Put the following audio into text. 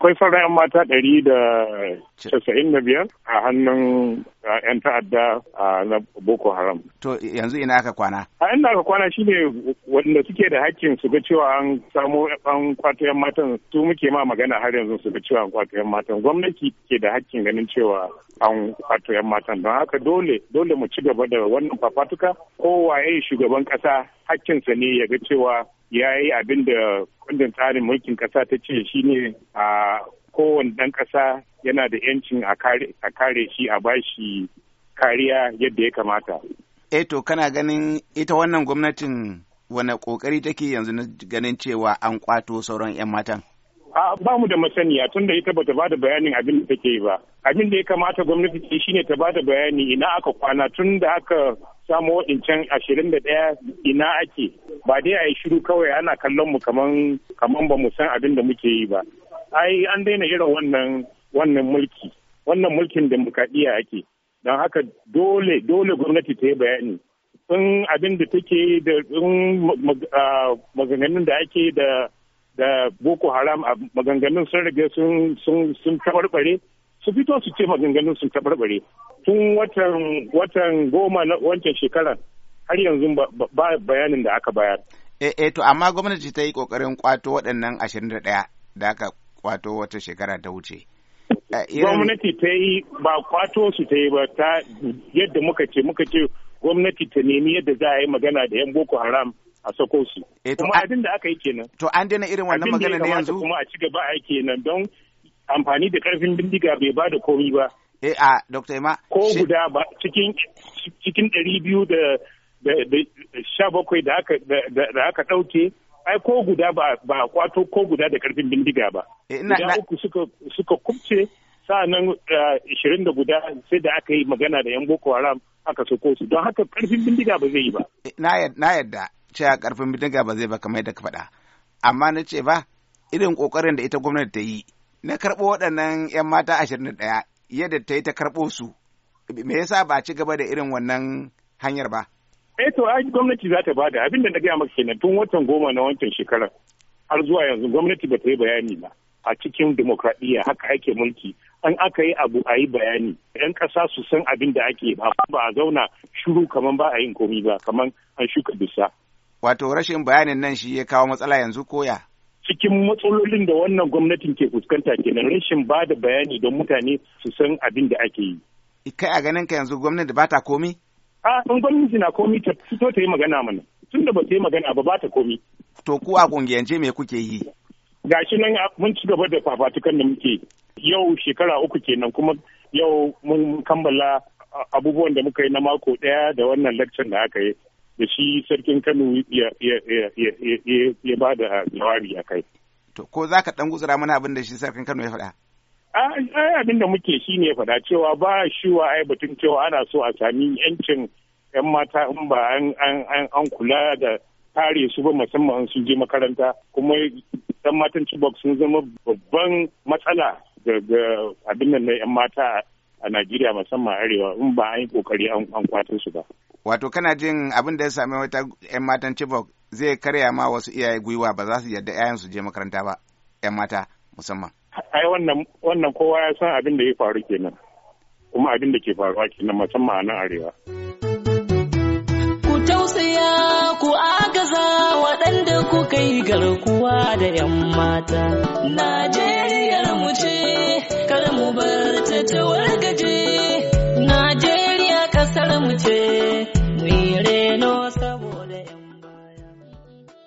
akwai sauran 'yan mata ɗari da casa'in na biyar a hannun 'yan ta'adda na Boko Haram. To yanzu ina aka kwana? A inda aka kwana shine wanda suke da hakkin su ga cewa an samu an kwato 'yan matan su muke ma magana har yanzu su ga cewa an kwato 'yan matan. Gwamnati ke da hakkin ganin cewa an kwato 'yan matan don haka dole dole mu ci gaba da wannan fafatuka waye shugaban ƙasa hakkinsa ne ya ga cewa ya yi abin da kundin tsarin mulkin ƙasa ta ce shine a kowane ɗan ƙasa yana da 'yancin a kare shi a bashi kariya yadda ya kamata. Eh to kana ganin ita wannan gwamnatin wane ƙoƙari take yanzu na ganin cewa an kwato sauran 'yan matan? ba mu da masaniya tunda ita bata bada bayanin abin da take yi ba abin da ya kamata gwamnati ta shine ta bada bayani ina aka kwana tun da aka samu wadancan ashirin da daya ina ake ba dai a yi shiru kawai ana kallon mu kaman kaman ba mu san abin da muke yi ba ai an daina irin wannan wannan mulki wannan mulkin demokradiyya ake don haka dole dole gwamnati ta yi bayani in abin da take da maganganun da ake da da boko haram a maganganun sun riga sun tabarbare su fito su ce maganganun sun tabarbare tun watan goma na wancan shekarar har yanzu ba bayanin da aka bayar eh, eh to amma gwamnati ta yi kokarin kwato waɗannan 21 da aka kwato wata shekara ta wuce eh, gwamnati ta yi ba kwato su ta yi ba ta yadda muka ce muka ce gwamnati ta nemi yadda za a yi magana da yan boko haram a sako su eh, kuma abin da aka yi kenan to an daina irin wannan magana ne yanzu kuma a ci gaba a kenan don amfani da karfin bindiga bai ba da komi ba eh a dr ema ko guda ba cikin cikin ɗari biyu da sha bakwai da aka ɗauke ai ko guda ba ba kwato ko guda da karfin bindiga ba eh, guda uku suka suka kubce sa'annan eh, ishirin da guda sai da aka yi magana da yan boko haram aka soko su don haka karfin bindiga ba zai yi ba na yadda a karfin bidiga ba zai ba kamar yadda ka faɗa amma na ce ba irin ƙoƙarin da ita gwamnati ta yi na karɓo waɗannan 'yan mata ashirin da ɗaya yadda ta yi ta karɓo su me yasa ba ci gaba da irin wannan hanyar ba eh to ai gwamnati za ta bada abin da na gaya maka kenan tun watan goma na wancan shekarar har zuwa yanzu gwamnati ba ta yi bayani ba a cikin demokradiyya haka ake mulki an aka yi abu a yi bayani yan ƙasa su san abin da ake ba ba a zauna shiru kamar ba a yin komi ba kamar an shuka dusa Wato rashin bayanin nan shi ya kawo matsala yanzu koya? Cikin matsalolin da wannan gwamnatin ke fuskanta kenan rashin ba da bayani don mutane su san abin da ake yi. Ikai a ganin ka yanzu gwamnati ba ta komi? A in gwamnati na komi ta fito ta yi magana mana. Tun da ba ta yi magana ba ba ta komi. To ku a kungiyance me kuke yi? Gashi nan mun ci gaba da fafatukan da muke yau shekara uku kenan kuma yau mun kammala abubuwan da muka yi na mako ɗaya da wannan lakcin da aka yi da shi sarkin Kano ya ba da jawabi a kai. To, ko za ka ɗan gutsura mana abin da shi sarkin Kano ya faɗa? Ai, abin da muke shi ne faɗa cewa ba shi wa ai batun cewa ana so a sami yancin 'yan mata in ba an kula da kare su ba musamman sun je makaranta kuma 'yan matan Chibok sun zama babban matsala ga abin nan na 'yan mata a Najeriya musamman arewa in ba an yi kokari an kwatar su ba. wato kana jin abin da ya sami wata 'yan matan Chibok zai karya ma wasu iyaye gwiwa ba za su 'ya'yan 'ya'yansu je makaranta ba 'yan mata musamman. Ai wannan kowa ya san abin da ya faru kenan kuma abin da ke faruwa kenan musamman a nan arewa. Ku tausaya ku agaza waɗanda ku kai garkuwa da 'yan mata. Najeriya mu ce kar mu bar ta ta warga